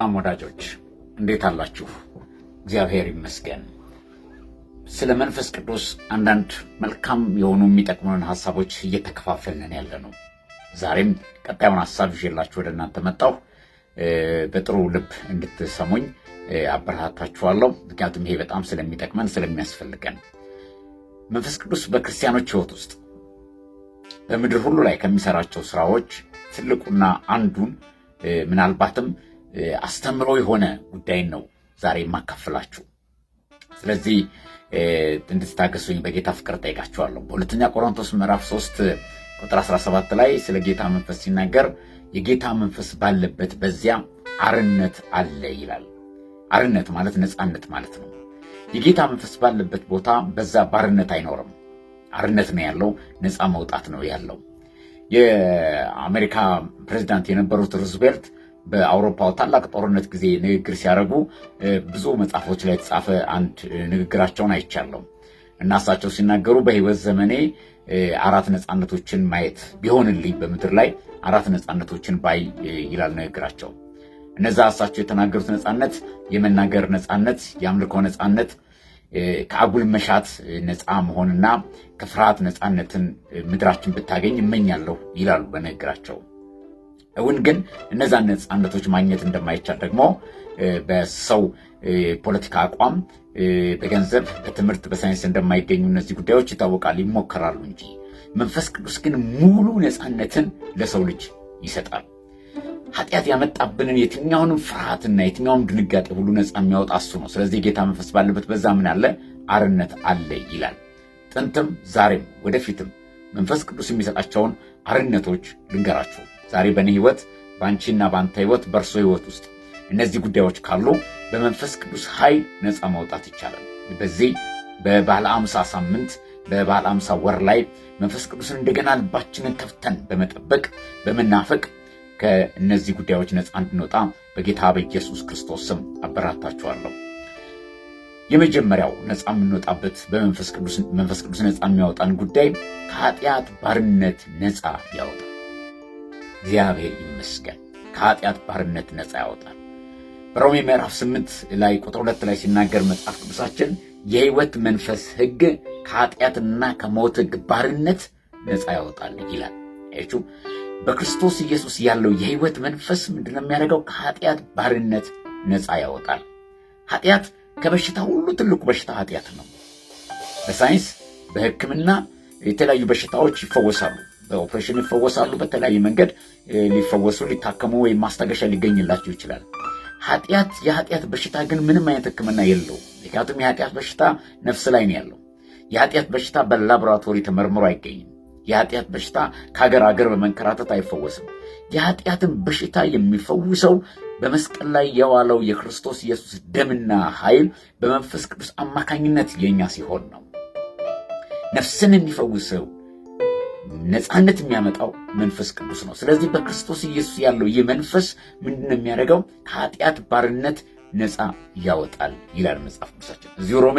በጣም ወዳጆች እንዴት አላችሁ? እግዚአብሔር ይመስገን። ስለ መንፈስ ቅዱስ አንዳንድ መልካም የሆኑ የሚጠቅሙንን ሀሳቦች እየተከፋፈልንን ያለ ነው። ዛሬም ቀጣዩን ሀሳብ ይዤላችሁ ወደ እናንተ መጣሁ። በጥሩ ልብ እንድትሰሙኝ አበረታታችኋለሁ። ምክንያቱም ይሄ በጣም ስለሚጠቅመን ስለሚያስፈልገን መንፈስ ቅዱስ በክርስቲያኖች ሕይወት ውስጥ በምድር ሁሉ ላይ ከሚሰራቸው ስራዎች ትልቁና አንዱን ምናልባትም አስተምሮ የሆነ ጉዳይን ነው ዛሬ የማካፍላችሁ። ስለዚህ እንድትታገሱኝ በጌታ ፍቅር ጠይቃችኋለሁ። በሁለተኛ ቆሮንቶስ ምዕራፍ 3 ቁጥር 17 ላይ ስለ ጌታ መንፈስ ሲናገር የጌታ መንፈስ ባለበት በዚያ አርነት አለ ይላል። አርነት ማለት ነፃነት ማለት ነው። የጌታ መንፈስ ባለበት ቦታ በዛ ባርነት አይኖርም። አርነት ነው ያለው፣ ነፃ መውጣት ነው ያለው። የአሜሪካ ፕሬዚዳንት የነበሩት ሩዝቬልት በአውሮፓ ታላቅ ጦርነት ጊዜ ንግግር ሲያደርጉ ብዙ መጽሐፎች ላይ የተጻፈ አንድ ንግግራቸውን አይቻለሁ እና እሳቸው ሲናገሩ በህይወት ዘመኔ አራት ነፃነቶችን ማየት ቢሆንልኝ በምድር ላይ አራት ነፃነቶችን ባይ ይላል ንግግራቸው። እነዛ እሳቸው የተናገሩት ነፃነት የመናገር ነፃነት፣ የአምልኮ ነፃነት፣ ከአጉል መሻት ነፃ መሆንና ከፍርሃት ነፃነትን ምድራችን ብታገኝ እመኛለሁ ይላሉ በንግግራቸው። እውን ግን እነዛ ነፃነቶች ማግኘት እንደማይቻል ደግሞ በሰው ፖለቲካ አቋም፣ በገንዘብ፣ በትምህርት፣ በሳይንስ እንደማይገኙ እነዚህ ጉዳዮች ይታወቃል፣ ይሞከራሉ እንጂ መንፈስ ቅዱስ ግን ሙሉ ነፃነትን ለሰው ልጅ ይሰጣል። ኃጢአት ያመጣብንን የትኛውንም ፍርሃትና የትኛውንም ድንጋጤ ሁሉ ነፃ የሚያወጣ እሱ ነው። ስለዚህ ጌታ መንፈስ ባለበት በዛ ምን አለ? አርነት አለ ይላል። ጥንትም ዛሬም ወደፊትም መንፈስ ቅዱስ የሚሰጣቸውን አርነቶች ልንገራችሁ። ዛሬ በእኔ ህይወት፣ በአንቺና በአንተ ህይወት፣ በእርሶ ህይወት ውስጥ እነዚህ ጉዳዮች ካሉ በመንፈስ ቅዱስ ኃይል ነፃ ማውጣት ይቻላል። በዚህ በባለ አምሳ ሳምንት በባለ አምሳ ወር ላይ መንፈስ ቅዱስን እንደገና ልባችንን ከፍተን በመጠበቅ በመናፈቅ ከእነዚህ ጉዳዮች ነፃ እንድንወጣ በጌታ በኢየሱስ ክርስቶስ ስም አበራታችኋለሁ። የመጀመሪያው ነፃ የምንወጣበት በመንፈስ ቅዱስ ነፃ የሚያወጣን ጉዳይ ከኃጢአት ባርነት ነፃ ያወጣል። እግዚአብሔር ይመስገን ከኃጢአት ባርነት ነፃ ያወጣል። በሮሜ ምዕራፍ 8 ላይ ቁጥር 2 ላይ ሲናገር መጽሐፍ ቅዱሳችን የህይወት መንፈስ ህግ ከኃጢአትና ከሞት ህግ ባርነት ነፃ ያወጣል ይላል። አያችሁ በክርስቶስ ኢየሱስ ያለው የህይወት መንፈስ ምንድነው የሚያደርገው? ከኃጢአት ባርነት ነፃ ያወጣል። ኃጢአት ከበሽታ ሁሉ ትልቁ በሽታ ኃጢአት ነው። በሳይንስ በህክምና የተለያዩ በሽታዎች ይፈወሳሉ። በኦፕሬሽን ይፈወሳሉ። በተለያየ መንገድ ሊፈወሱ ሊታከሙ ወይም ማስታገሻ ሊገኝላቸው ይችላል። ኃጢአት የኃጢአት በሽታ ግን ምንም አይነት ሕክምና የለው። ምክንያቱም የኃጢአት በሽታ ነፍስ ላይ ነው ያለው። የኃጢአት በሽታ በላቦራቶሪ ተመርምሮ አይገኝም። የኃጢአት በሽታ ከሀገር ሀገር በመንከራተት አይፈወስም። የኃጢአትን በሽታ የሚፈውሰው በመስቀል ላይ የዋለው የክርስቶስ ኢየሱስ ደምና ኃይል በመንፈስ ቅዱስ አማካኝነት የኛ ሲሆን ነው ነፍስን የሚፈውሰው ነፃነት የሚያመጣው መንፈስ ቅዱስ ነው። ስለዚህ በክርስቶስ ኢየሱስ ያለው ይህ መንፈስ ምንድን ነው የሚያደርገው? ከኃጢአት ባርነት ነፃ ያወጣል ይላል መጽሐፍ ቅዱሳችን። እዚሁ ሮሜ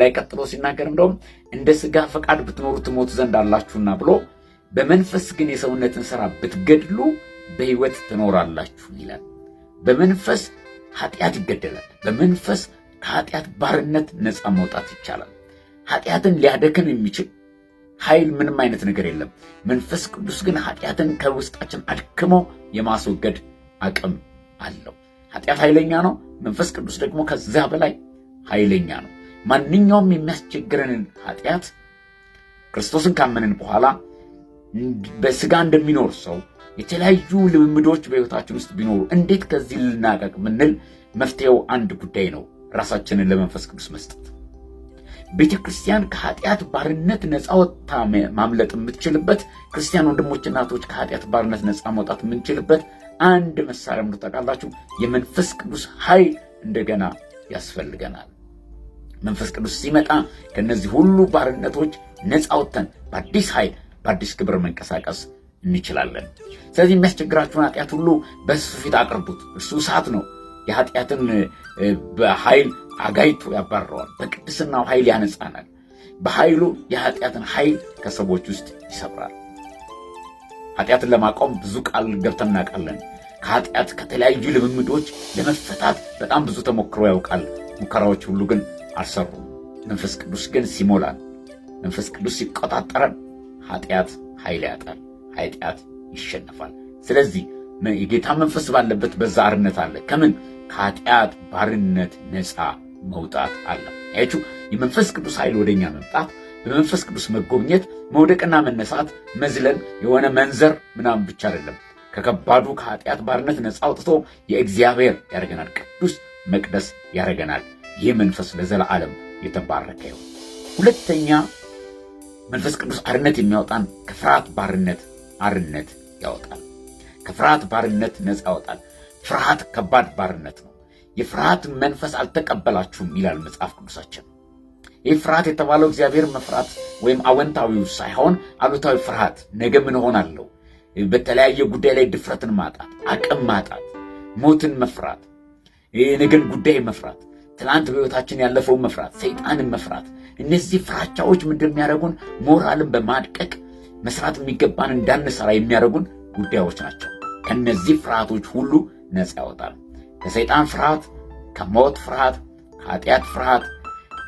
ላይ ቀጥሎ ሲናገር እንደውም እንደ ስጋ ፈቃድ ብትኖሩ ትሞቱ ዘንድ አላችሁና ብሎ በመንፈስ ግን የሰውነትን ስራ ብትገድሉ በህይወት ትኖራላችሁ ይላል። በመንፈስ ኃጢአት ይገደላል። በመንፈስ ከኃጢአት ባርነት ነፃ መውጣት ይቻላል። ኃጢአትን ሊያደክም የሚችል ኃይል ምንም አይነት ነገር የለም። መንፈስ ቅዱስ ግን ኃጢአትን ከውስጣችን አድክሞ የማስወገድ አቅም አለው። ኃጢአት ኃይለኛ ነው። መንፈስ ቅዱስ ደግሞ ከዛ በላይ ኃይለኛ ነው። ማንኛውም የሚያስቸግረንን ኃጢአት ክርስቶስን ካመንን በኋላ በስጋ እንደሚኖር ሰው የተለያዩ ልምምዶች በሕይወታችን ውስጥ ቢኖሩ እንዴት ከዚህ ልናቀቅ ብንል መፍትሄው አንድ ጉዳይ ነው፣ ራሳችንን ለመንፈስ ቅዱስ መስጠት። ቤተ ክርስቲያን ከኃጢአት ባርነት ነፃ ወጥታ ማምለጥ የምትችልበት ክርስቲያን ወንድሞች እናቶች ከኃጢአት ባርነት ነፃ መውጣት የምንችልበት አንድ መሳሪያ ምዶ ታውቃላችሁ? የመንፈስ ቅዱስ ኃይል እንደገና ያስፈልገናል። መንፈስ ቅዱስ ሲመጣ ከእነዚህ ሁሉ ባርነቶች ነፃ ወጥተን በአዲስ ኃይል በአዲስ ክብር መንቀሳቀስ እንችላለን። ስለዚህ የሚያስቸግራችሁን ኃጢአት ሁሉ በእሱ ፊት አቅርቡት። እርሱ እሳት ነው። የኃጢአትን በኃይል አጋይቶ ያባረዋል፣ በቅድስናው ኃይል ያነጻናል። በኃይሉ የኃጢአትን ኃይል ከሰዎች ውስጥ ይሰብራል። ኃጢአትን ለማቆም ብዙ ቃል ገብተን እናውቃለን። ከኃጢአት ከተለያዩ ልምምዶች ለመፈታት በጣም ብዙ ተሞክሮ ያውቃል። ሙከራዎች ሁሉ ግን አልሰሩም። መንፈስ ቅዱስ ግን ሲሞላን፣ መንፈስ ቅዱስ ሲቆጣጠረን ኃጢአት ኃይል ያጣል፣ ኃጢአት ይሸነፋል። ስለዚህ የጌታ መንፈስ ባለበት በዛ አርነት አለ። ከምን ከኃጢአት ባርነት ነፃ መውጣት አለ። አያችሁ፣ የመንፈስ ቅዱስ ኃይል ወደኛ መምጣት፣ በመንፈስ ቅዱስ መጎብኘት፣ መውደቅና መነሳት፣ መዝለን የሆነ መንዘር ምናምን ብቻ አይደለም። ከከባዱ ከኃጢአት ባርነት ነፃ አውጥቶ የእግዚአብሔር ያደርገናል፣ ቅዱስ መቅደስ ያደርገናል። ይህ መንፈስ ለዘላለም የተባረከ ይሁን። ሁለተኛ መንፈስ ቅዱስ አርነት የሚያወጣን ከፍርሃት ባርነት አርነት ያወጣል። ከፍርሃት ባርነት ነፃ ያወጣል። ፍርሃት ከባድ ባርነት ነው። የፍርሃትን መንፈስ አልተቀበላችሁም ይላል መጽሐፍ ቅዱሳችን። ይህ ፍርሃት የተባለው እግዚአብሔር መፍራት ወይም አወንታዊው ሳይሆን አሉታዊ ፍርሃት፣ ነገ ምን እሆናለሁ፣ በተለያየ ጉዳይ ላይ ድፍረትን ማጣት፣ አቅም ማጣት፣ ሞትን መፍራት፣ የነገን ጉዳይ መፍራት፣ ትላንት በሕይወታችን ያለፈውን መፍራት፣ ሰይጣንን መፍራት፣ እነዚህ ፍራቻዎች ምንድን የሚያደርጉን ሞራልን በማድቀቅ መስራት የሚገባን እንዳንሰራ የሚያደርጉን ጉዳዮች ናቸው። ከነዚህ ፍርሃቶች ሁሉ ነፃ ያወጣል። ከሰይጣን ፍርሃት፣ ከሞት ፍርሃት፣ ከኃጢአት ፍርሃት፣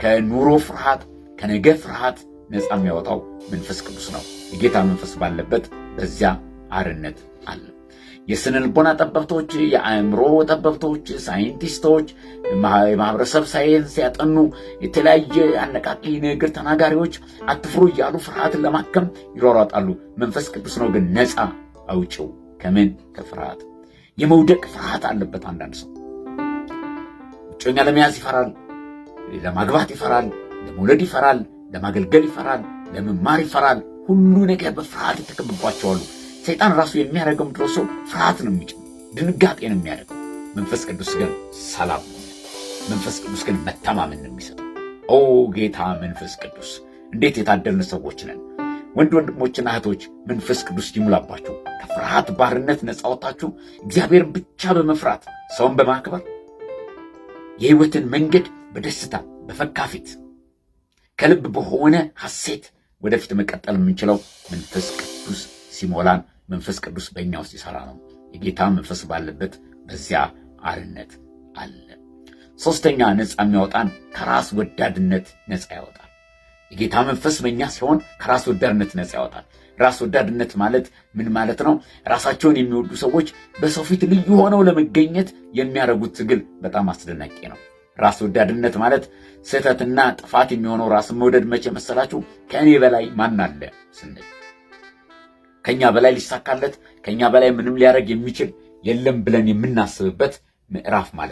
ከኑሮ ፍርሃት፣ ከነገ ፍርሃት ነፃ የሚያወጣው መንፈስ ቅዱስ ነው። የጌታ መንፈስ ባለበት በዚያ አርነት አለ። የስነ ልቦና ጠበብቶች፣ የአእምሮ ጠበብቶች፣ ሳይንቲስቶች፣ የማህበረሰብ ሳይንስ ያጠኑ የተለያየ አነቃቂ ንግግር ተናጋሪዎች አትፍሩ እያሉ ፍርሃትን ለማከም ይሯሯጣሉ። መንፈስ ቅዱስ ነው ግን ነፃ አውጭው ከምን ከፍርሃት የመውደቅ ፍርሃት አለበት። አንዳንድ ሰው እጮኛ ለመያዝ ይፈራል፣ ለማግባት ይፈራል፣ ለመውለድ ይፈራል፣ ለማገልገል ይፈራል፣ ለመማር ይፈራል። ሁሉ ነገር በፍርሃት የተከበቧቸዋሉ። ሰይጣን ራሱ የሚያደርገው ምድሮ ሰው ፍርሃት ነው የሚጭ ድንጋጤ ነው የሚያደርገው። መንፈስ ቅዱስ ግን ሰላም፣ መንፈስ ቅዱስ ግን መተማመን ነው የሚሰጠው። ኦ ጌታ መንፈስ ቅዱስ እንዴት የታደልን ሰዎች ነን! ወንድ ወንድሞችና እህቶች መንፈስ ቅዱስ ይሙላባችሁ። ከፍርሃት ባርነት ነፃ ወጣችሁ እግዚአብሔርን ብቻ በመፍራት ሰውን በማክበር የህይወትን መንገድ በደስታ በፈካ ፊት ከልብ በሆነ ሐሴት ወደፊት መቀጠል የምንችለው መንፈስ ቅዱስ ሲሞላን፣ መንፈስ ቅዱስ በእኛ ውስጥ ይሠራ ነው። የጌታ መንፈስ ባለበት በዚያ አርነት አለ። ሦስተኛ ነፃ የሚያወጣን ከራስ ወዳድነት ነፃ ያወጣል። የጌታ መንፈስ በእኛ ሲሆን ከራስ ወዳድነት ነፃ ያወጣል። ራስ ወዳድነት ማለት ምን ማለት ነው? ራሳቸውን የሚወዱ ሰዎች በሰው ፊት ልዩ ሆነው ለመገኘት የሚያደርጉት ትግል በጣም አስደናቂ ነው። ራስ ወዳድነት ማለት ስህተትና ጥፋት የሚሆነው ራስን መውደድ መቼ መሰላችሁ? ከእኔ በላይ ማን አለ ስንል ከእኛ በላይ ሊሳካለት ከእኛ በላይ ምንም ሊያደርግ የሚችል የለም ብለን የምናስብበት ምዕራፍ ማለት ነው።